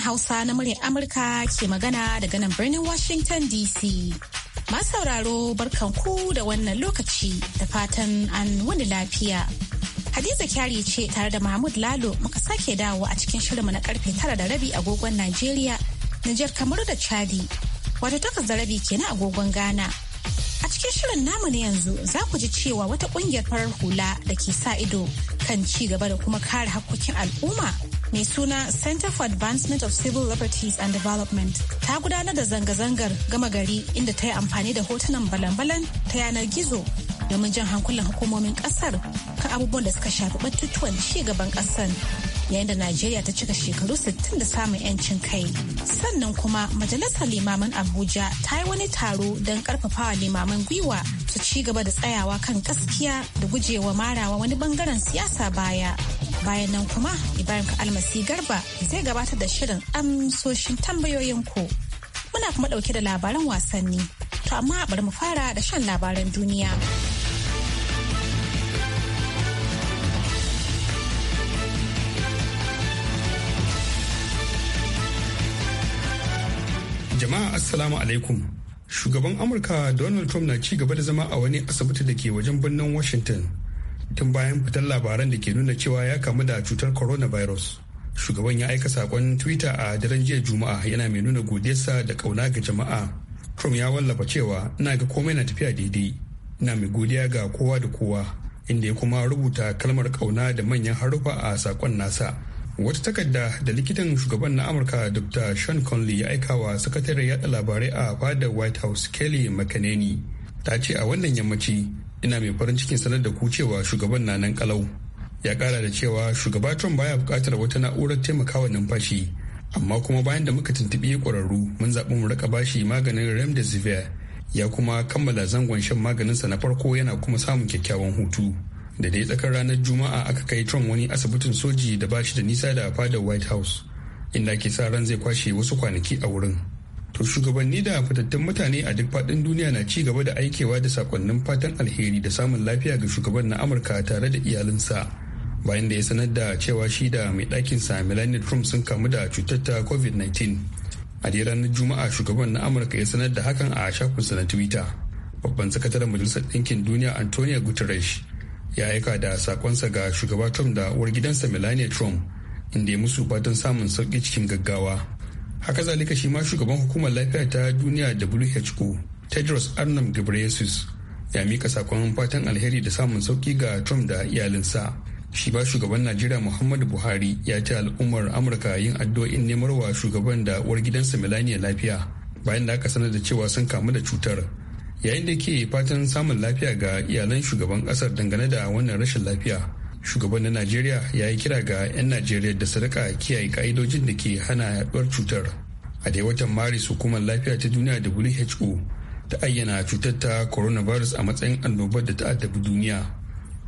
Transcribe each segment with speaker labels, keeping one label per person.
Speaker 1: Hausa na muryar Amurka ke magana daga nan birnin Washington DC. Masu sauraro barkanku da wannan lokaci da fatan an wani lafiya. Hadiza Kyari ce tare da Mahmud Lalo muka sake dawo a cikin shirinmu na karfe tara da rabi agogon Najeriya, Nijar Kamaru da Chadi, wato takas da rabi kenan agogon Ghana. A cikin shirin namu na yanzu za ku ji cewa wata ƙungiyar farar hula da ke sa ido kan ci gaba da kuma kare hakkokin al'umma mai suna Center for Advancement of Civil Liberties and Development ta gudanar da zanga-zangar gama gari inda ta yi amfani da hotunan balan-balan ta yanar gizo domin jan hankulan hukumomin kasar kan abubuwan da suka shafi batutuwan gaban kasar yayin da Najeriya ta cika shekaru 60 da samun 'yancin kai. Sannan kuma Majalisar Limaman Abuja ta yi wani taro don karfafawa limaman gwiwa su ci gaba da tsayawa kan gaskiya da gujewa marawa wani bangaren siyasa baya. bayan nan kuma ibrahim almasi garba zai gabatar da shirin amsoshin tambayoyin ku muna kuma dauke da labaran wasanni to amma bari mu fara da shan labaran duniya
Speaker 2: jama'a assalamu alaikum shugaban amurka donald trump na ci gaba da zama a wani asibiti da ke wajen birnin washington tun bayan fitar labaran da ke nuna cewa ya kamu da cutar coronavirus shugaban ya aika sakon twitter a daren jiya juma'a yana mai nuna godiyarsa da kauna ga jama'a trump ya wallafa cewa ina ga komai na tafiya daidai na mai godiya ga kowa da kowa inda ya kuma rubuta kalmar kauna da manyan haruffa a sakon nasa wata takarda da likitan shugaban na amurka dr sean conley ya aika wa sakataren yada labarai a fadar white house kelly makaneni ta ce a wannan yammaci ina mai farin cikin sanar da ku cewa shugaban na nan kalau ya kara da cewa shugaba trump baya bukatar wata na'urar taimakawa numfashi amma kuma bayan da muka ya kwararru mun zaɓi mu raka bashi maganin remdesivir ya kuma kammala zangon shan maganinsa na farko yana kuma samun kyakkyawan hutu da dai tsakar ranar juma'a aka kai trump wani asibitin soji da bashi da nisa da fadar white house inda ake sa ran zai kwashe wasu kwanaki a wurin to shugabanni da fitattun mutane a duk faɗin duniya na ci gaba da aikewa da sakonnin fatan alheri da samun lafiya ga shugaban na amurka tare da iyalinsa bayan da ya sanar da cewa shi da mai sa melania trump sun kamu da cutar ta covid-19 a dai ranar juma'a shugaban na amurka ya sanar da hakan a shafinsa na twitter babban sakataren majalisar ɗinkin duniya antonio guterres ya aika da sakonsa ga shugaba trump da uwar gidansa melania trump inda ya musu fatan samun sauki cikin gaggawa haka zalika shi ma shugaban hukumar lafiya ta duniya who tedros arnam ghebreyesus ya mika sakon fatan alheri da samun sauki ga trump da iyalinsa shi ba shugaban najeriya muhammadu buhari ya ce al'ummar amurka yin addu'o'in nemar wa shugaban da uwar gidansa melania lafiya bayan da aka sanar da cewa sun kamu da cutar yayin da ke fatan samun lafiya ga iyalan shugaban kasar dangane da wannan rashin lafiya shugaban na najeriya ya yi kira ga 'yan najeriya da sadaka kiyaye ka'idojin da ke hana yaduwar cutar a dai watan maris hukumar lafiya ta duniya who ta ayyana cutar ta coronavirus a matsayin annobar da ta addabi duniya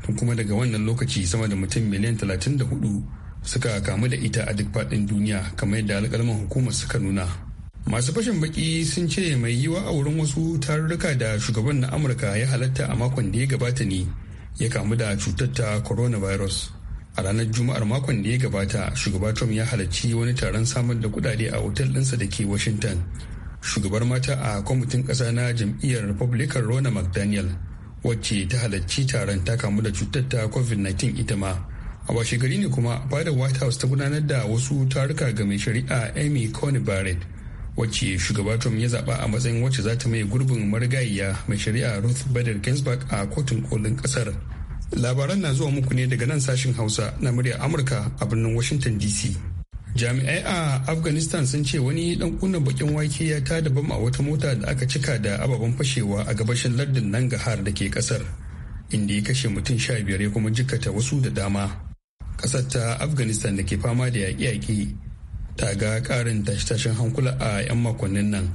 Speaker 2: tun kuma daga wannan lokaci sama da mutum miliyan 34 suka kamu da ita a duk faɗin duniya kamar yadda alƙalman hukumar suka nuna masu fashin baki sun ce mai yiwa a wurin wasu tarurruka da shugaban na amurka ya halatta a makon da ya gabata ne ya kamu da cutar ta coronavirus a ranar juma'ar makon da ya gabata shugaba trump ya halarci wani taron samar da kudade a otal ɗinsa da ke washington shugabar mata a kwamitin ƙasa na jam'iyyar republican rona mcdaniel wacce ta halarci taron ta kamu da cutar ta covid-19 ita ma a washe gari ne kuma fadar white house ta gudanar da wasu taruka ga mai shari'a amy coney barrett wacce shugaba Trump ya zaba a matsayin wacce za ta mai gurbin marigayiya mai shari'a Ruth Bader Ginsburg a kotun kolin kasar. Labaran na zuwa muku ne daga nan sashen Hausa na murya Amurka a birnin Washington DC. Jami'ai a Afghanistan sun ce wani dan kunan bakin wake ya tada bam a wata mota da aka cika da ababen fashewa a gabashin lardin har da ke kasar, inda ya kashe mutum sha biyar ya kuma jikkata wasu da dama. Kasar ta Afghanistan da ke fama da yaƙi-yaƙi. ta ga karin tashe-tashen hankula a 'yan makonnin nan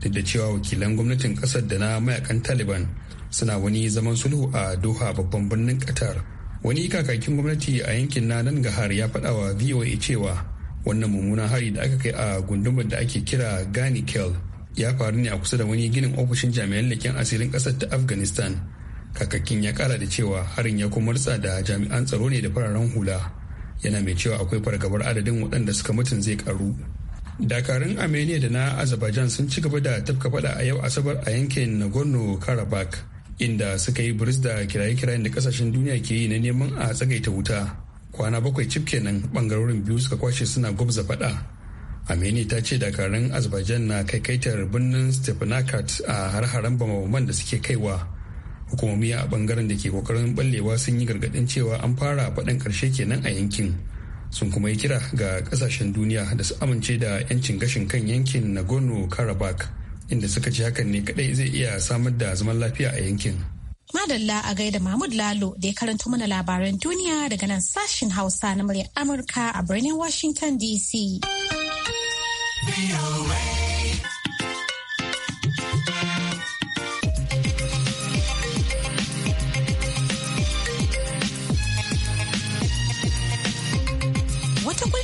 Speaker 2: duk da cewa wakilan gwamnatin kasar da na mayakan taliban suna wani zaman sulhu a doha babban birnin qatar wani kakakin gwamnati a yankin na nan gahar ya faɗa wa voa cewa wannan mummunan hari da aka kai a gundumar da ake kira gani kel ya faru ne a kusa da wani ginin ofishin jami'an leken asirin kasar ta afghanistan kakakin ya kara da cewa harin ya kuma da jami'an tsaro ne da fararen hula yana mai cewa akwai fargabar adadin waɗanda suka mutun zai karu dakarun armenia da na azerbaijan sun ci gaba da tafka fada a yau asabar a yankin nagorno karabakh inda suka yi buris da kiraye-kirayen da kasashen duniya ke yi na neman a tsagaita wuta kwana bakwai cif kenan bangarorin biyu suka kwashe suna gwabza fada armenia ta ce dakarun azerbaijan na kaikaitar birnin stepanakat a har-haren bamaman da suke kaiwa hukumomi a bangaren da ke kokarin ballewa sun yi gargadin cewa an fara faɗin ƙarshe kenan a yankin sun kuma yi kira ga ƙasashen duniya da su amince da 'yancin gashin kan yankin nagorno karabakh inda suka ce hakan ne kadai zai iya samar da zaman lafiya a yankin
Speaker 1: madalla a gaida mahmud lalo da ya karanto mana labaran duniya daga nan sashen hausa na muryar amurka a birnin washington dc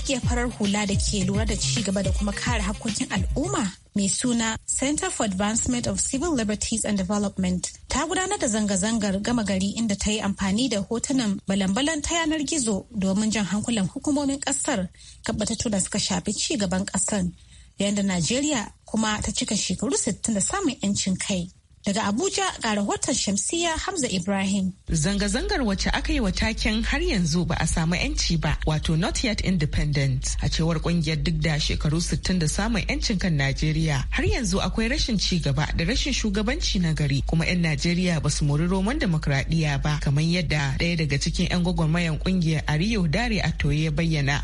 Speaker 1: ƙungiyar farar hula da ke lura da ci gaba da kuma kare hakkokin al'umma mai suna Center for Advancement of Civil Liberties and Development ta gudanar da zanga-zangar gama gari inda ta yi amfani da hotunan balan-balan ta yanar gizo domin jan hankulan hukumomin kasar kabbatattu da suka shafi ci gaban kasar yayin da Najeriya kuma ta cika shekaru 60 da samun 'yancin kai. Daga Abuja ga rahoton shamsiyya Hamza Ibrahim.
Speaker 3: Zanga-zangar wacce aka yi wa taken har yanzu ba a samu 'yanci ba, wato not yet independent. A cewar kungiyar duk da shekaru 60 da samun 'yancin kan Najeriya, har yanzu akwai rashin cigaba da rashin shugabanci na gari, kuma 'yan Najeriya ba su mori roman demokradiyya ba, kamar yadda ɗaya daga cikin 'yan gwagwarmayan kungiyar Ariyo Dare Atoye ya bayyana.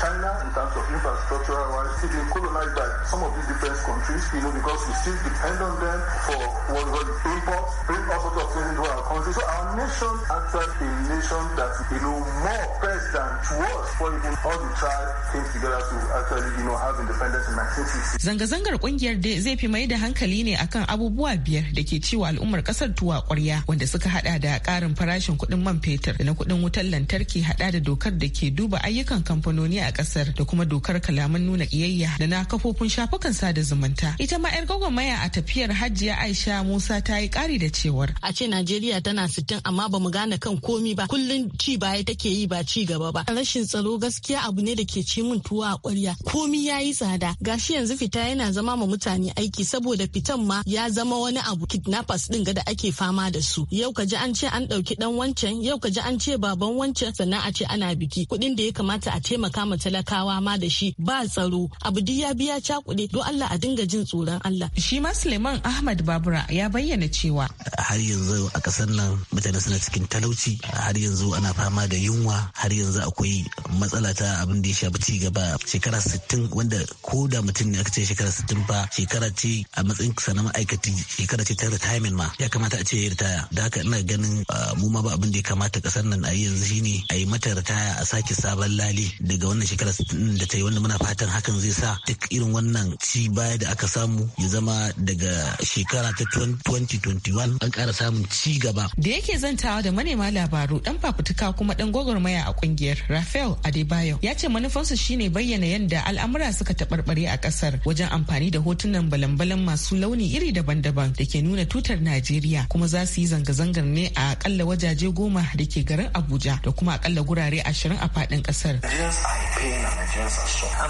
Speaker 2: China in terms of infrastructure are still colonized recognized by some of these different countries, you know, because we still depend on
Speaker 4: them for what we call imports, bring all sorts of things into our country. So our nation actually a nation that, you know, more pressed than towards for even all the tribes came together to actually, you know, have independence in 1960.
Speaker 3: Zanga-zangar kungiyar dai zai fi mai da hankali ne akan abubuwa biyar da ke cewa al'ummar kasar tuwa kwarya wanda suka hada da karin farashin kuɗin man fetur da na kuɗin wutar lantarki hada da dokar da ke duba ayyukan kamfanoni a kasar da kuma dokar kalaman nuna kiyayya da na kafofin shafukan sada zumunta. Ita ma 'yar maya a tafiyar Hajiya Aisha Musa ta yi ƙari da cewar. A ce Najeriya tana sittin amma bamu gane kan komi ba kullum ci baya take yi ba ci gaba ba. Rashin tsaro gaskiya abu ne da ke ci mun tuwa a ƙwarya. Komi ya yi tsada gashi yanzu fita yana zama ma mutane aiki saboda fitan ma ya zama wani abu kidnappers ɗin ga da ake fama da su. Yau ka ji an ce an ɗauki ɗan wancan yau ka ji an ce baban wancan sannan a ce ana biki kuɗin da ya kamata a taimaka ma talakawa ma da shi ba tsaro abu duk ya biya ya cakuɗe don Allah a dinga jin tsoron Allah. Shi ma Suleiman Ahmad Babura ya bayyana cewa.
Speaker 5: Har yanzu a ƙasar nan mutane suna cikin talauci har yanzu ana fama da yunwa har yanzu akwai matsala ta abin da ya shafi ci gaba shekara sittin wanda ko da mutum ne aka ce shekara sittin fa shekara ce a matsayin sa ma'aikaci shekara ce ta retirement ma ya kamata a ce ya ritaya da haka ina ganin ah, mu ma ba abin da ya kamata ƙasar nan a yanzu yanzu shine mata ritaya a sake sabon lali daga wannan shekarar da ta yi wanda muna fatan hakan zai sa duk irin wannan ci baya da aka samu ya zama daga shekara ta 2021 an ƙara samun ci gaba.
Speaker 3: Da yake zantawa da manema labaru dan fafutuka kuma dan gwagwarmaya a kungiyar Rafael Adebayo ya ce manufansu shine bayyana yadda al'amura suka taɓarɓare a ƙasar wajen amfani da hotunan balan-balan masu launi iri daban-daban da ke nuna tutar Najeriya kuma za su yi zanga-zangar ne a akalla wajaje goma da ke garin Abuja da kuma akalla da gurare ashirin a faɗin ƙasar. And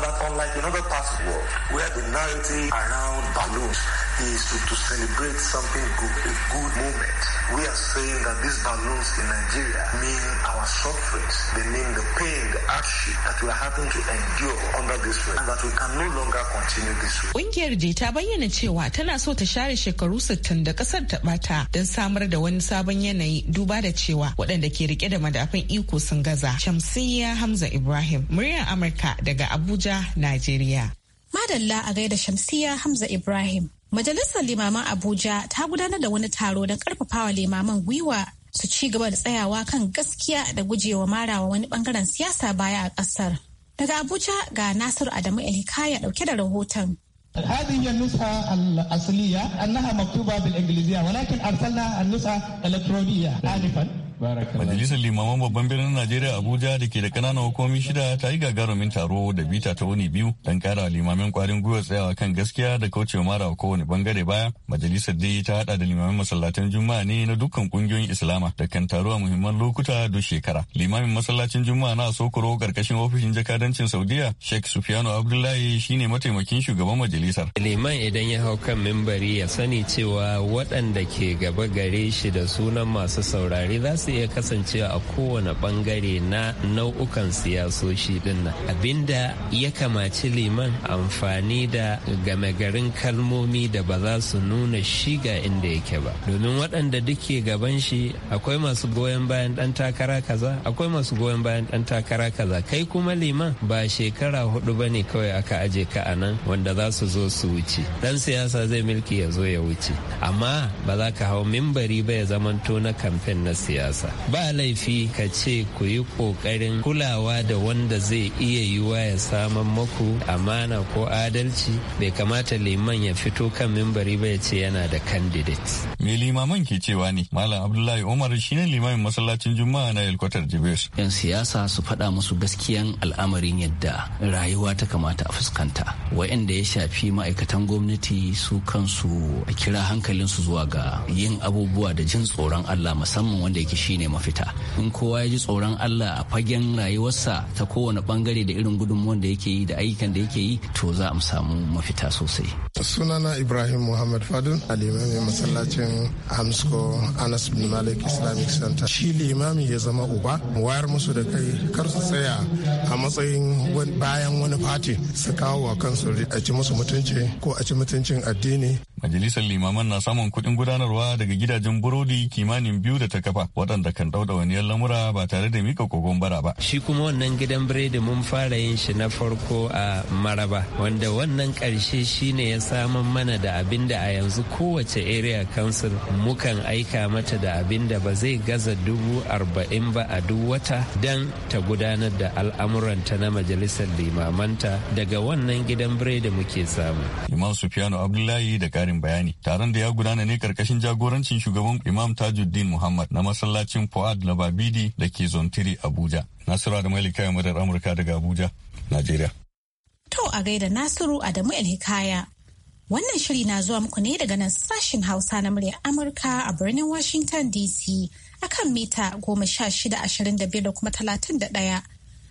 Speaker 6: that unlike in other parts of the world where the narrative around balloons is to, to celebrate something good, a good moment.
Speaker 3: We are saying that these balloons in Nigeria mean our sufferings. They mean the pain, the hardship that we are having to endure under
Speaker 6: this way and that we can no longer continue this
Speaker 3: way. Ƙungiyar J ta bayyana cewa tana so ta share shekaru 60 da ƙasar ta bata don samar da wani sabon yanayi duba da cewa waɗanda ke rike da madafin iko sun gaza. Shamsiyya Hamza Ibrahim, muryar Amurka daga Abuja, Najeriya.
Speaker 1: Madalla a gaida Shamsiyya Hamza Ibrahim. Majalisar Limaman Abuja ta gudanar da wani taro don karfafawa limaman gwiwa su ci gaba da tsayawa kan gaskiya da gujewa marawa wani bangaren siyasa baya a kasar. Daga Abuja ga Nasiru Adamu Elhikaya dauke da rahoton. هذه النسخة الأصلية أنها مكتوبة بالإنجليزية ولكن أرسلنا النسخة الإلكترونية آنفا
Speaker 7: Majalisar Limaman Babban Birnin Najeriya Abuja da ke da ƙananan hukumomi shida ta yi gagarumin taro da bita ta wuni biyu don ƙara limamin ƙwarin gwiwa tsayawa kan gaskiya da kaucewa mara kowane bangare baya. Majalisar dai ta haɗa da limamin Masallacin Juma'a ne na dukkan ƙungiyoyin Islama da kan taro a muhimman lokuta da shekara. Limamin masallacin Juma'a na Sokoro ƙarƙashin ofishin jakadancin Saudiya Sheikh Sufiyanu Abdullahi shine mataimakin shugaban majalisar.
Speaker 8: Liman idan ya hau kan mimbari ya sani cewa waɗanda ke gaba gare shi da sunan masu saurare za su ya iya kasancewa a kowane bangare na nau'ukan siyasoshi din nan abinda ya kamaci liman amfani da game garin kalmomi da ba za su nuna shiga inda yake ba domin waɗanda duke gaban shi akwai masu goyon bayan ɗan takara kaza akwai masu goyon bayan ɗan takara kaza kai kuma liman ba shekara hudu ba ne kawai aka aje ka a nan wanda za su zo su wuce ɗan siyasa zai milki ya zo ya wuce amma ba za ka hau mimbari ba ya zamanto na kamfen na siyasa ba laifi ka ce ku yi ƙoƙarin kulawa da wanda zai iya yiwa ya saman maku amana ko adalci bai kamata liman ya fito kan mimbari ba ya ce yana da candidate
Speaker 7: me limaman ke cewa ne malam abdullahi umar shine limamin masallacin juma'a na yalkwatar jibes yan siyasa su faɗa musu gaskiyan al'amarin yadda rayuwa ta
Speaker 5: kamata a fuskanta wa'anda ya shafi ma'aikatan gwamnati su kansu a kira hankalinsu zuwa ga yin abubuwa da jin tsoron allah musamman wanda yake shi shine mafita in kowa ya ji tsoron allah a fagen rayuwarsa ta kowane bangare da irin gudunmuwan da yake yi da ayyukan da yake yi to za mu samu mafita sosai
Speaker 4: sunana ibrahim muhammad fadun a limamin masallacin amsko anas bin malik islamic center shi limami ya zama uba wayar musu da kai kar su tsaya a matsayin bayan wani fati su kawo wa kansu a ci musu mutunci ko a ci mutuncin addini
Speaker 7: majalisar limaman na samun kuɗin gudanarwa daga gidajen burodi kimanin biyu da ta kafa waɗanda kan dauda wani lamura ba tare da mika kogon bara ba.
Speaker 8: Shi kuma wannan gidan biredi mun fara yin shi na farko a Maraba wanda wannan ƙarshe shine ya samun mana da abin da a yanzu kowace area council mukan aika mata da abin da ba zai gaza dubu arba'in ba a duk wata don ta gudanar da al'amuranta na majalisar limamanta
Speaker 7: daga wannan gidan biredi muke samu. Imam Sufiyanu Abdullahi da ƙarin bayani taron da ya gudana ne karkashin jagorancin shugaban Imam Tajuddin Muhammad na masallaci masallacin Fuad na Babidi da ke Zontiri Abuja. Nasiru da Malika Yamurar Amurka daga Abuja, Najeriya.
Speaker 1: To a gaida Nasiru Adamu ilhikaya Wannan shiri na zuwa muku ne daga nan sashen Hausa na muryar Amurka a birnin Washington DC akan mita goma sha shida ashirin da biyar da kuma talatin da ɗaya.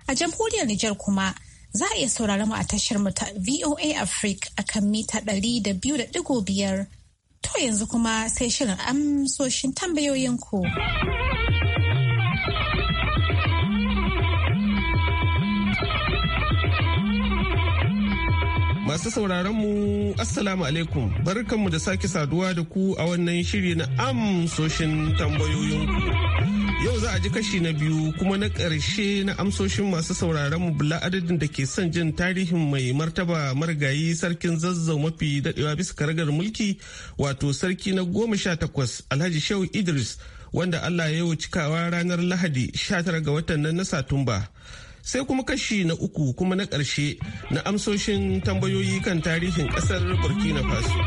Speaker 1: A jamhuriyar Nijar kuma za a iya saurari mu a tashar mu ta VOA Africa akan mita ɗari da biyu da ɗigo biyar. To yanzu kuma sai shirin amsoshin tambayoyinku. ku.
Speaker 4: Masu sauraron mu Assalamu alaikum barkanmu da sake saduwa da ku a wannan shiri na amsoshin tambayoyin. Yau za a ji kashi na biyu kuma na ƙarshe na amsoshin masu sauraron mu bula adadin da ke son jin tarihin mai martaba marigayi sarkin zazzau mafi daɗewa bisa karagar mulki wato sarki na goma sha takwas Alhaji Shehu Idris wanda Allah ya yi cikawa ranar Lahadi 19 ga watan nan na Satumba. sai kuma kashi na uku kuma na ƙarshe na amsoshin tambayoyi kan tarihin ƙasar burkina faso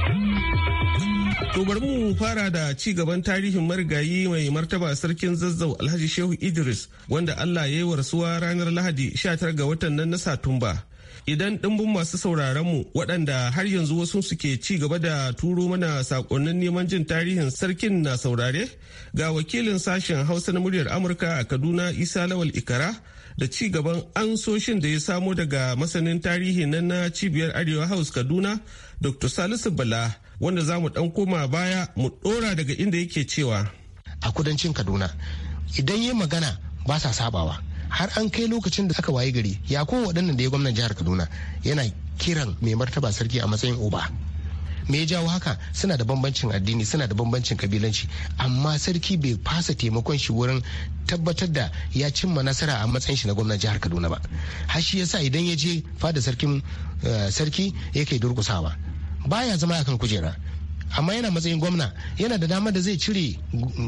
Speaker 4: to bari mu fara da ci gaban tarihin marigayi mai martaba sarkin zazzau alhaji shehu idris wanda allah ya yi rasuwa ranar lahadi 19 ga watan nan na satumba idan ɗimbin masu sauraron mu waɗanda har yanzu wasu suke ci gaba da turo mana sakonnin neman jin tarihin sarkin na saurare ga wakilin sashen hausa na muryar amurka a kaduna isa lawal ikara da ci gaban ansoshin da ya samo daga masanin tarihi na na cibiyar arewa house kaduna dr salisu bala wanda za mu dan koma baya mu dora daga inda yake cewa a kudancin kaduna idan yi magana
Speaker 9: ba sa sabawa har an kai lokacin da aka waye gari ya ko waɗannan da ya gwamnan jihar kaduna yana kiran mai martaba sarki a matsayin uba me ya jawo haka suna da bambancin addini suna da bambancin kabilanci amma sarki bai fasa taimakon shi wurin tabbatar da ya cimma nasara a matsayin shi na gwamnan jihar Kaduna ba har shi yasa idan ya je fada sarkin eh, sarki yake durkusawa baya zama akan kujera amma yana matsayin gwamna yana da damar da zai cire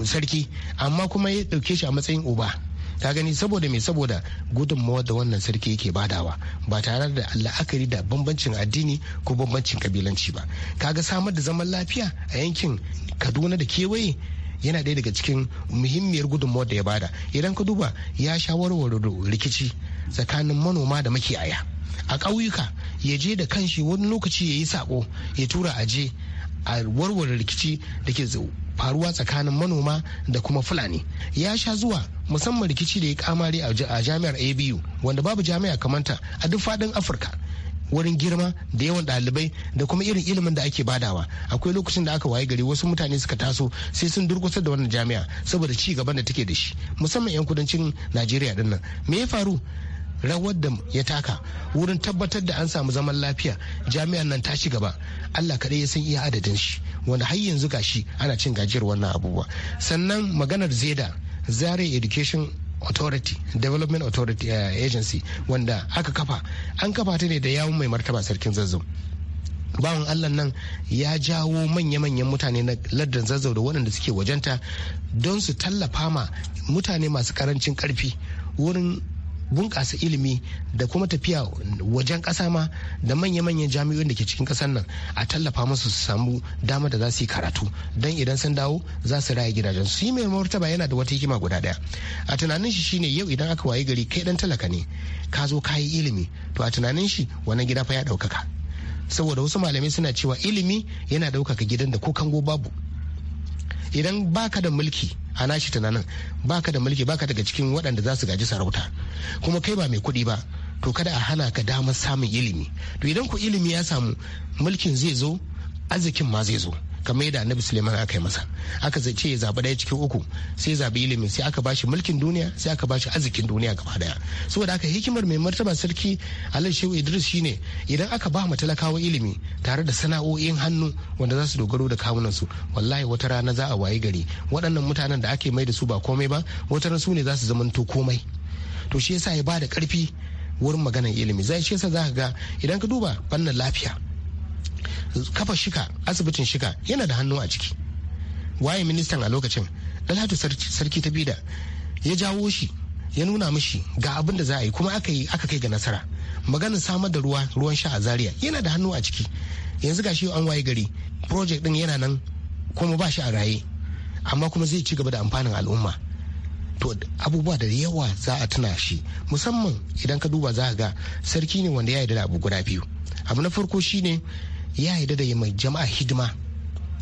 Speaker 9: sarki amma kuma ya dauke shi a matsayin uba ka gani saboda mai saboda gudunmawar da wannan sarki yake badawa ba tare da la'akari da bambancin addini ko bambancin kabilanci ba ka ga samar da zaman lafiya a yankin kaduna da kewaye yana ɗaya daga cikin muhimmiyar gudunmawar da ya bada idan ka duba ya shawarwaro rikici tsakanin manoma da makiyaya a ƙauyuka ya je da kanshi wani lokaci ya yi saƙo ya tura aje a warware rikici da ke faruwa tsakanin manoma da kuma fulani ya sha zuwa musamman rikici da ya kamare a jami'ar abu wanda babu jami'a kamanta a duk fadin afirka wurin girma da yawan ɗalibai da kuma irin ilimin da ake badawa akwai lokacin da aka waye gari wasu mutane suka taso sai sun durkusar da wannan jami'a saboda ci gaban da take da shi musamman 'yan kudancin najeriya dinnan me ya faru rawar da ya taka wurin tabbatar da an samu zaman lafiya jami'an nan ta ci gaba allah kaɗai ya san iya adadin shi wanda har yanzu gashi ana cin gajiyar wannan abubuwa sannan maganar zeda zare education authority development authority uh, agency wanda aka kafa an kafa ta ne da yawon mai martaba sarkin zazzau bawan allah nan ya jawo manya-manyan mutane na lardin zazzau da waɗanda suke wajenta don su tallafa ma mutane masu karancin karfi wurin bunƙasa ilimi da kuma tafiya wajen ƙasa ma da manya-manyan jami'o'in da ke cikin ƙasar nan a tallafa musu su samu dama da za su yi karatu don idan sun dawo za su raya gidajen su yi mai martaba yana da wata hikima guda ɗaya a tunanin shi shine yau idan aka waye gari kai dan talaka ne ka zo ka yi ilimi to a tunanin shi wannan gida fa ya ɗaukaka saboda wasu malamai suna cewa ilimi yana ɗaukaka gidan da ko kango babu idan baka da mulki a nashi tunanin baka da mulki baka daga cikin waɗanda za su gaji sarauta kuma kai ba mai kuɗi ba to kada a hana ka damar samun ilimi to idan ku ilimi ya samu mulkin zai zo arzikin ma zai zo kamar yadda annabi suleiman aka yi masa aka ce ya zaɓi ɗaya cikin uku sai ya zaɓi ilimin sai aka bashi mulkin duniya sai aka bashi arzikin duniya gaba daya saboda haka hikimar mai martaba sarki alal shehu idris shine idan aka ba talakawa ilimi tare da sana'o'in hannu wanda za su dogaro da kawunan su wallahi wata rana za a wayi gari waɗannan mutanen da ake mai da su ba komai ba wata rana su ne za su zamanto komai to shi yasa ya ba da ƙarfi wurin maganar ilimi zai shi yasa za ka ga idan ka duba fannin lafiya kafa shika asibitin shika yana da hannu a ciki waye ministan a lokacin dalhatu sarki ta bida ya jawo shi ya nuna mishi ga abin da za a yi kuma aka yi aka kai ga nasara maganin samar da ruwa ruwan sha a zaria yana da hannu a ciki yanzu gashi an waye gari project din yana nan kuma ba shi a raye amma kuma zai ci gaba da amfanin al'umma to abubuwa da yawa za a tuna shi musamman idan ka duba za ga sarki ne wanda ya yi da abu guda biyu abu na farko shine ya yarda da mai jama'a hidima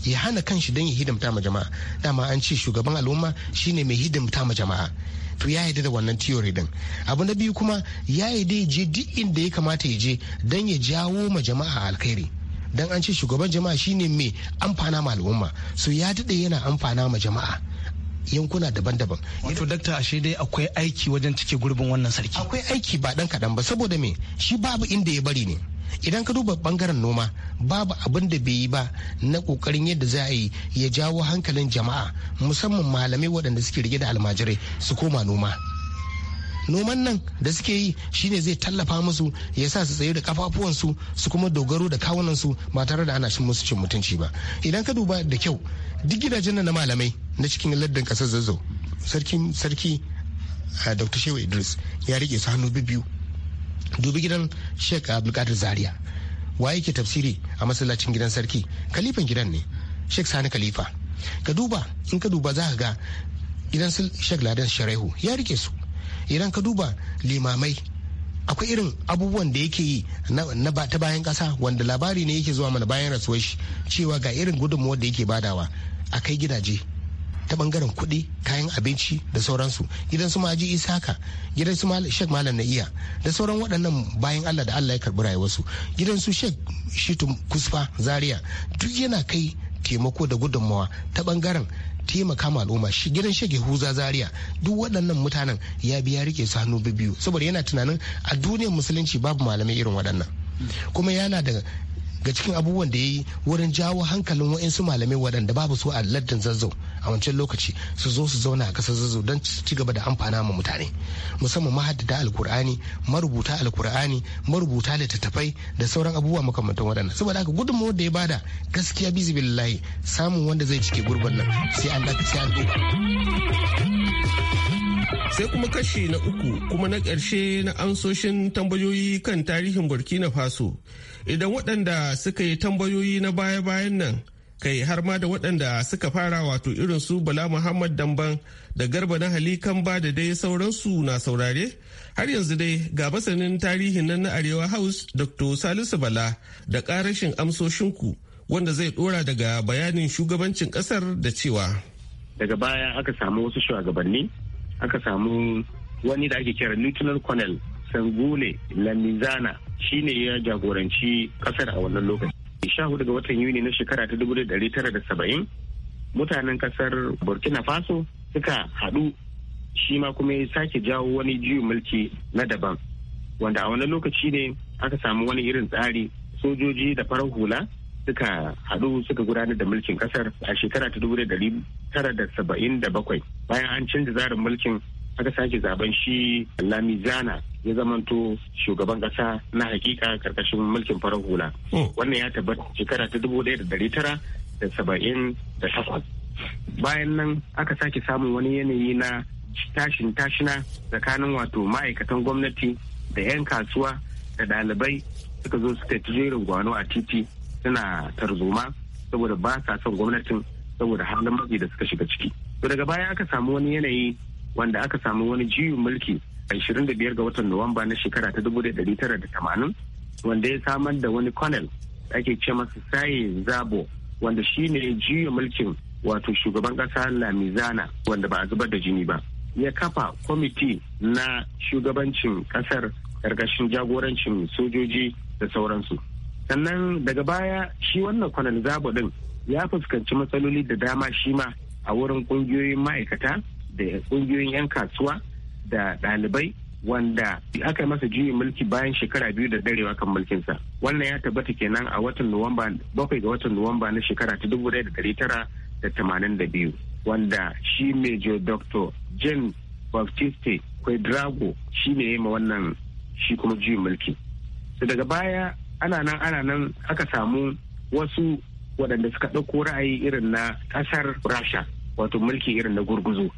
Speaker 9: ya hana shi don ya hidimta ma jama'a dama an ce shugaban al'umma shine mai hidimta ma jama'a to ya yarda da wannan theory din abu na biyu kuma ya yarda ya je duk inda ya kamata ya je don ya jawo ma jama'a alkhairi dan an ce shugaban jama'a shine mai amfana ma al'umma so ya dade yana amfana ma jama'a yankuna daban-daban.
Speaker 2: Wato dakta ashe dai akwai
Speaker 9: aiki wajen cike gurbin wannan sarki. Akwai aiki ba dan kaɗan ba saboda me shi babu inda ya bari ne. idan ka duba bangaren noma babu abin da bai yi ba na kokarin yadda za a yi ya jawo hankalin jama'a musamman malamai waɗanda suke rike da almajirai su koma noma noman nan da suke yi shine zai tallafa musu ya sa su tsaye da kafafuwansu su kuma dogaro da kawunansu ba tare da ana cin musu cin mutunci ba idan ka duba da kyau duk gidajen na malamai na cikin lardin kasar zazzau sarki sarki dr shehu idris ya rike su hannu biyu dubi gidan sheik abdulkadir zaria waye ke tafsiri a masallacin gidan sarki kalifan gidan ne sheik sani kalifa ka duba in ka duba za ka ga gidan sheik ladan sharehu ya rike su idan ka duba limamai akwai irin abubuwan da yake yi na ta bayan kasa wanda labari ne yake zuwa mana bayan rasuwar shi cewa ga irin gudunmuwar da yake badawa a kai gidaje ta bangaren kuɗi kayan abinci da sauransu gidan su maji isaka gidan su shek malam na iya da sauran waɗannan bayan allah da allah ya karɓi rayuwarsu gidan su shek shitu kusfa zaria duk yana kai taimako da gudunmawa ta bangaren taimaka ma al'umma shi gidan shege huza zaria duk waɗannan mutanen ya biya rike su hannu biyu saboda yana tunanin a duniyar musulunci babu malamai irin waɗannan kuma yana da ga cikin abubuwan da ya yi wurin jawo hankalin wa'insu malamai waɗanda babu su a lardin zazzau a wancan lokaci su zo su zauna a ƙasar zazzau don ci gaba da amfana ma mutane musamman mahaddada alkur'ani marubuta alkur'ani marubuta littattafai da sauran abubuwa makamantan waɗannan saboda haka gudunmawar da ya bada gaskiya bizibillahi samun wanda
Speaker 4: zai cike gurbin nan sai an ɗauka sai an ɗauka. sai kuma kashi na uku kuma na ƙarshe na amsoshin tambayoyi kan tarihin burkina faso idan waɗanda suka yi tambayoyi na baya-bayan nan kai har ma da waɗanda suka fara wato irin su bala muhammad damban da garba na halikan ba da dai sauransu na saurare har yanzu dai ga basanin tarihin nan na arewa house dr salisu bala da ƙarashin amsoshinku wanda zai ɗora daga bayanin shugabancin ƙasar da cewa
Speaker 6: daga baya aka samu wasu shugabanni aka samu wani da ake kira lieutenant colonel sangule lamizana shine ya jagoranci kasar a wannan lokaci sha hudu ga watan yuni na shekara ta dubu da tara da saba'in mutanen kasar burkina faso suka haɗu shi ma kuma ya sake jawo wani juyin mulki na daban wanda a wani lokaci ne aka samu wani irin tsari sojoji da farar hula suka haɗu suka gudanar da mulkin kasar a shekara ta dubu da tara da saba'in da bakwai bayan an canza zarin mulkin aka sake zaben shi lamizana ya zamanto shugaban kasa na hakika karkashin mulkin farar hula hmm. wannan ya tabbata shekara ta dubu da dari tara da saba'in da takwas bayan nan aka sake samun wani yanayi na tashin tashina tsakanin wato ma'aikatan gwamnati da 'yan kasuwa da ɗalibai suka zo suka ci jerin gwano a titi suna tarzoma saboda ba sa son gwamnatin saboda halin mafi da suka shiga ciki to daga baya aka samu wani yanayi wanda aka samu wani jiyu mulki a 25 ga watan nuwamba na shekara ta 1980 wanda ya samar da wani konel ake ce masa saye zabo wanda shi ne jiya mulkin wato shugaban kasa lamizana wanda ba a zubar da jini ba ya kafa kwamiti na shugabancin kasar karkashin jagorancin sojoji da sauransu sannan daga baya shi wannan kwanan zabo din ya fuskanci matsaloli da dama shi ma a wurin kungiyoyin ma'aikata da kungiyoyin 'yan kasuwa da ɗalibai wanda aka yi masa juyin mulki bayan shekara biyu da darewa kan mulkinsa wannan ya tabbata kenan a watan nuwamba bakwai ga watan nuwamba na shekara ta dubu da dari tara da tamanin da biyu wanda shi major dr jen baptiste quadrago shi ne ya ma wannan shi kuma juyin mulki su daga baya ana nan ana nan aka samu wasu waɗanda suka ɗauko ra'ayi irin na ƙasar rasha wato mulki irin na gurguzo.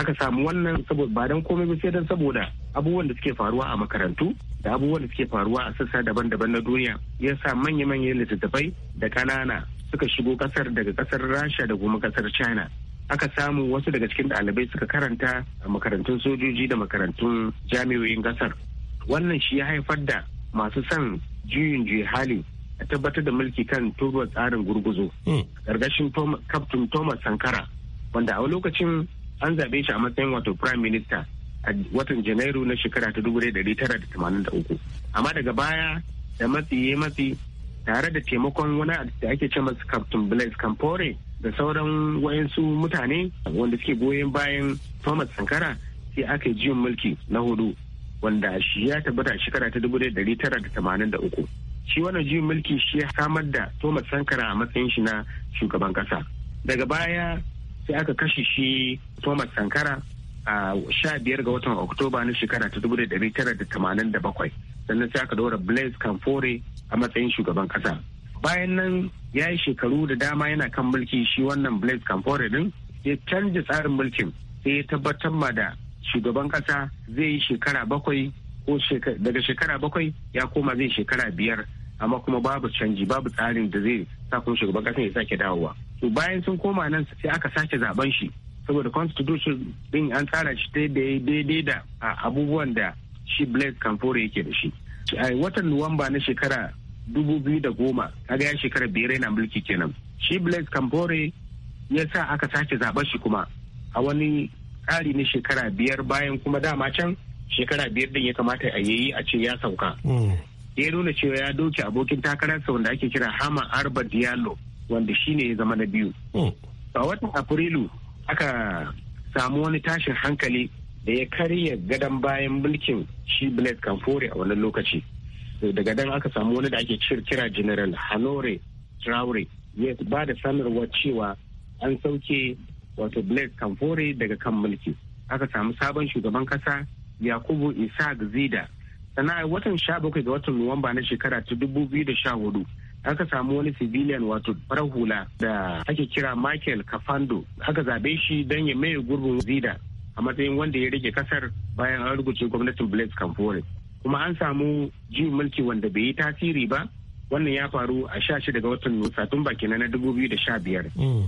Speaker 6: aka samu wannan saboda ba don komai sai don saboda abubuwan da suke faruwa a makarantu da abubuwan da suke faruwa a sassa daban-daban na duniya ya sa manya-manyan littattafai da ƙanana suka shigo ƙasar daga ƙasar rasha da kuma ƙasar china aka samu wasu daga cikin ɗalibai suka karanta a makarantun sojoji da makarantun jami'o'in ƙasar wannan shi ya haifar da masu son juyin juyi hali a tabbatar da mulki kan turuwar tsarin gurguzo gargashin hmm. kaftin thomas sankara wanda a lokacin an zaɓe shi a matsayin wato prime minister a watan janairu na shekara ta uku amma daga baya da matsi ya matsi tare da taimakon wani da ake ce masa captain blaise campore da sauran wayansu mutane wanda suke goyon bayan thomas sankara sai aka yi juyin mulki na hudu wanda shi ya tabbata shekara ta dubu dari tara da tamanin da uku shi wannan juyin mulki shi ya samar da thomas sankara a matsayin shi na shugaban kasa daga baya sai aka kashe shi thomas sankara a sha biyar ga watan oktoba na shekara ta dubu dari tara da tamanin da bakwai sannan sai aka dora blaise kamfore a matsayin shugaban kasa bayan nan ya yi shekaru da dama yana kan mulki shi wannan blaise kamfore din ya canja tsarin mulkin sai ya tabbatar ma da shugaban kasa zai yi shekara bakwai ko daga shekara bakwai ya koma zai shekara biyar amma kuma babu canji babu tsarin da zai sa kuma shugaban kasa ya sake dawowa to bayan sun koma nan sai aka sake zaben shi saboda constitution din an tsara shi daidai da abubuwan da shi blaise kamfore yake da shi a watan nuwamba na shekara dubu biyu da goma kaga ya shekara biyar yana mulki kenan shi blaise kamfore ya sa aka sake zaben shi kuma a wani tsari na shekara biyar bayan kuma dama can shekara biyar din ya kamata a yayi a ce ya sauka. Mm. Ya nuna cewa ya doke abokin takararsa wanda ake kira Hama Arba Diallo wanda shine ya zama na biyu. Mm. A watan Afrilu aka samu wani tashin hankali da ya karya gadon bayan mulkin shi Blaise Kamfore a wannan lokaci. Daga dan aka samu wani da ake kira General Hanore Traore ya ba da sanarwa cewa an sauke wato blaise kamfore daga kan mulki aka samu sabon shugaban kasa yakubu isa gzida sannan watan sha bakwai ga watan nuwamba na shekara ta dubu biyu da sha hudu aka samu wani civilian wato farar hula da ake kira michael kafando aka zabe shi don ya maye gurbin zida a matsayin wanda ya rage kasar bayan an rubuce gwamnatin blaise kamfore kuma an samu juyin mulki wanda bai yi tasiri ba wannan ya faru a sha shida ga watan satumba kenan na dubu biyu da sha biyar mm.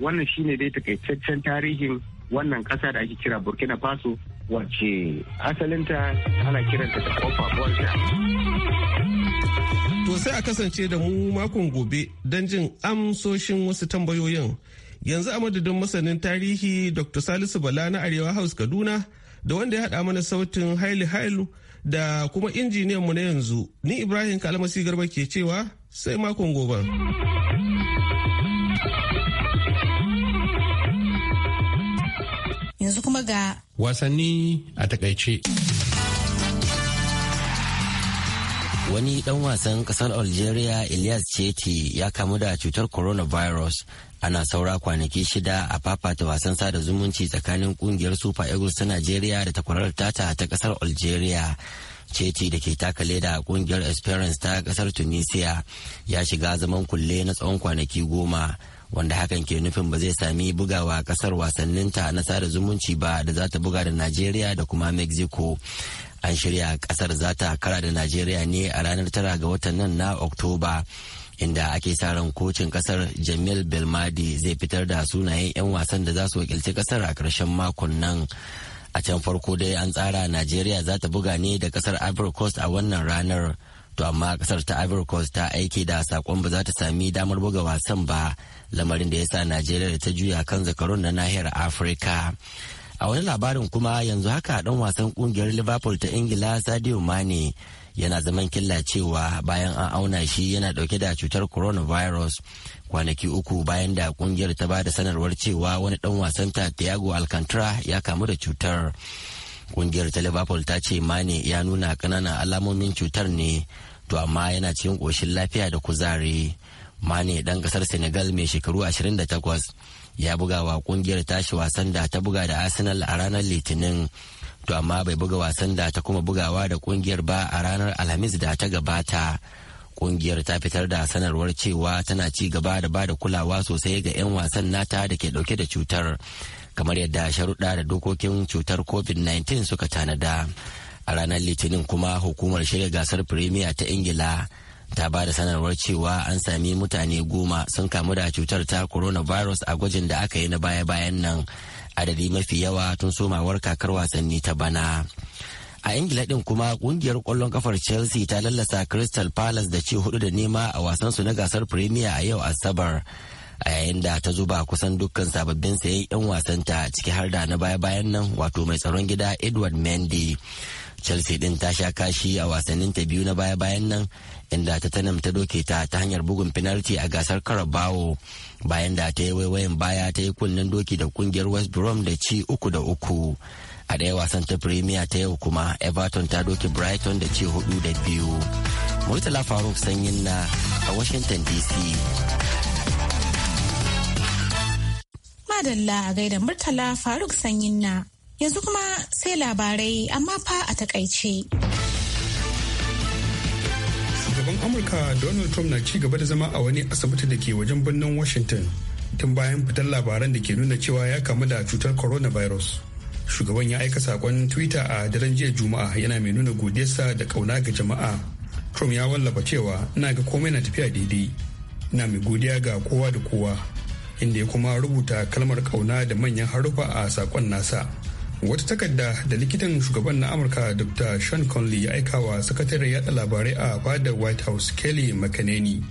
Speaker 6: wannan shine dai takaitaccen tarihin wannan kasa da ake kira burkina faso wace asalinta ana kiranta da kofa bolta
Speaker 4: to sai a kasance da mu makon gobe don jin amsoshin wasu tambayoyin yanzu a madadin masanin tarihi dr salisu bala na arewa house kaduna da wanda ya haɗa mana sautin haili hailu da kuma injiniyanmu na yanzu ni ibrahim kalmasi garba ke cewa sai makon gobe.
Speaker 1: kuma ga
Speaker 5: wasanni a takaice. Wani ɗan wasan ƙasar Algeria Elias Cheti ya kamu da cutar coronavirus ana saura kwanaki shida a fafata wasan sada zumunci tsakanin ƙungiyar Super Eagles ta Najeriya da takwarar tata ta ƙasar Algeria. Ceti da ke taka leda a ƙungiyar Esperance ta ƙasar Tunisia ya shiga zaman kulle na tsawon kwanaki goma. wanda hakan ke nufin ba zai sami bugawa kasar wasanninta na sada zumunci ba da za ta buga da najeriya da kuma mexico an shirya kasar za ta kara da najeriya ne a ranar tara ga watan nan na oktoba inda ake sa ran kocin kasar jamil belmadi zai fitar da sunayen 'yan wasan da za su wakilci kasar a karshen makon nan a can farko dai an tsara najeriya za ta buga ne da kasar ivory coast a wannan ranar to amma kasar ta ivory coast ta aike da sakon ba za ta sami damar buga wasan ba lamarin da ya sa najeriya da ta juya kan zakarun na nahiyar afirka a wani labarin kuma yanzu haka dan wasan kungiyar liverpool ta ingila sadio mane yana zaman killa cewa bayan an auna shi yana dauke da cutar coronavirus kwanaki uku bayan da kungiyar ta ba da sanarwar cewa wani dan wasan ta thiago alcantara ya kamu da cutar kungiyar ta liverpool ta ce mane ya nuna kananan alamomin cutar ne to amma yana cikin koshin lafiya da kuzari mane dan kasar senegal mai shekaru 28 ya buga wa kungiyar tashi wasan da ta buga da arsenal a ranar litinin to amma bai buga wasan da ta kuma bugawa da kungiyar ba a ranar alhamis da ta gabata kungiyar ta fitar da sanarwar cewa tana ci gaba da ba da kulawa sosai ga 'yan wasan nata da ke dauke da cutar kamar yadda sharuɗa da dokokin cutar covid-19 suka tanada a ranar litinin kuma hukumar shirya gasar firimiya ta ingila ta ba da sanarwar cewa an sami mutane goma sun kamu da cutar ta coronavirus a gwajin da aka yi na baya-bayan nan adadi mafi yawa tun somawar kakar wasanni ta bana a ingila din kuma kungiyar kwallon kafar chelsea ta lallasa crystal palace da ci hudu da nema a wasansu na gasar premier a yau asabar a yayin da ta zuba kusan dukkan sababbin sayan 'yan wasanta ciki har da na baya-bayan nan wato mai tsaron gida edward mendy chelsea din ta sha kashi a wasannin ta biyu na baya-bayan nan inda ta tanam ta doke ta ta hanyar bugun penalty a gasar karabawo bayan da ta yi waiwayin baya ta yi kunnen doki da kungiyar west brom da ci uku da uku a ɗaya wasan ta premier ta yau kuma everton ta doke brighton da ci hudu da biyu murtala faruk sanyin na a washington dc
Speaker 1: Madalla a gaida Murtala Faruk Sanyin na. Yanzu kuma sai labarai amma fa a takaice.
Speaker 2: Shugaban Amurka Donald Trump na ci gaba da zama a wani asibiti da ke wajen birnin Washington tun bayan fitar labaran da ke nuna cewa ya kamu da cutar coronavirus. Shugaban ya aika sakon Twitter a daren jiya Juma'a yana mai nuna godiyarsa da ƙauna ga jama'a. Trump ya wallafa cewa na ga komai na tafiya daidai. na mai godiya ga kowa da kowa inda ya kuma rubuta kalmar kauna da manyan haruffa a sakon nasa wata takarda da likitan shugaban na amurka dr sean conley ya aika wa sakataren yada labarai a fadar white house kelly makaneni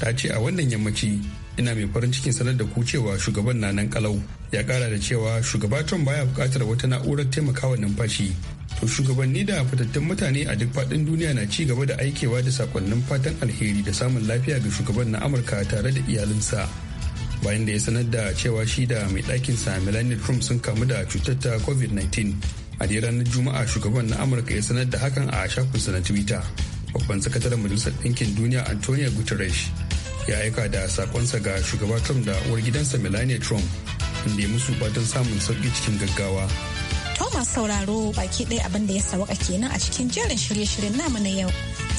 Speaker 2: ta ce a wannan yammaci ina mai farin cikin sanar da ku cewa shugaban na nan kalau ya kara da cewa shugaba trump baya bukatar wata na'urar taimakawa numfashi to shugabanni da fitattun mutane a duk faɗin duniya na ci gaba da aikewa da sakonnin fatan alheri da samun lafiya ga shugaban na amurka tare da iyalinsa bayan da ya sanar da cewa shi da mai ɗakin sa melania trump sun kamu da cutar ta covid-19 a dai ranar juma'a shugaban na amurka ya sanar da hakan a shafinsa na twitter babban sakataren majalisar ɗinkin duniya antonio guterres ya aika da sakonsa ga shugaba trump da uwar gidansa melania trump inda ya musu batun samun sauki cikin gaggawa
Speaker 1: thomas sauraro baki ɗaya abin da ya sawaka kenan a cikin jerin shirye-shiryen namu na yau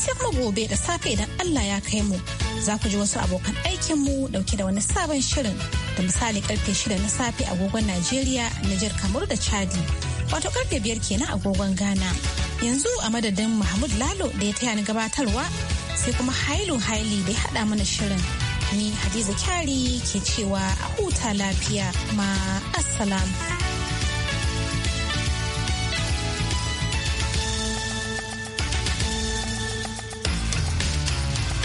Speaker 1: sai kuma gobe da safe idan Allah ya kai mu za ku ji wasu abokan aikinmu dauke da wani sabon shirin da misali karfe shida na safe agogon Najeriya, Nijar Kamar da Chadi. Wato karfe biyar kenan agogon Ghana. Yanzu a madadin Mahmud Lalo da ya taya ni gabatarwa sai kuma Hailu Haili da ya hada mana shirin. Ni Hadiza Kyari ke cewa a huta lafiya ma assalamu.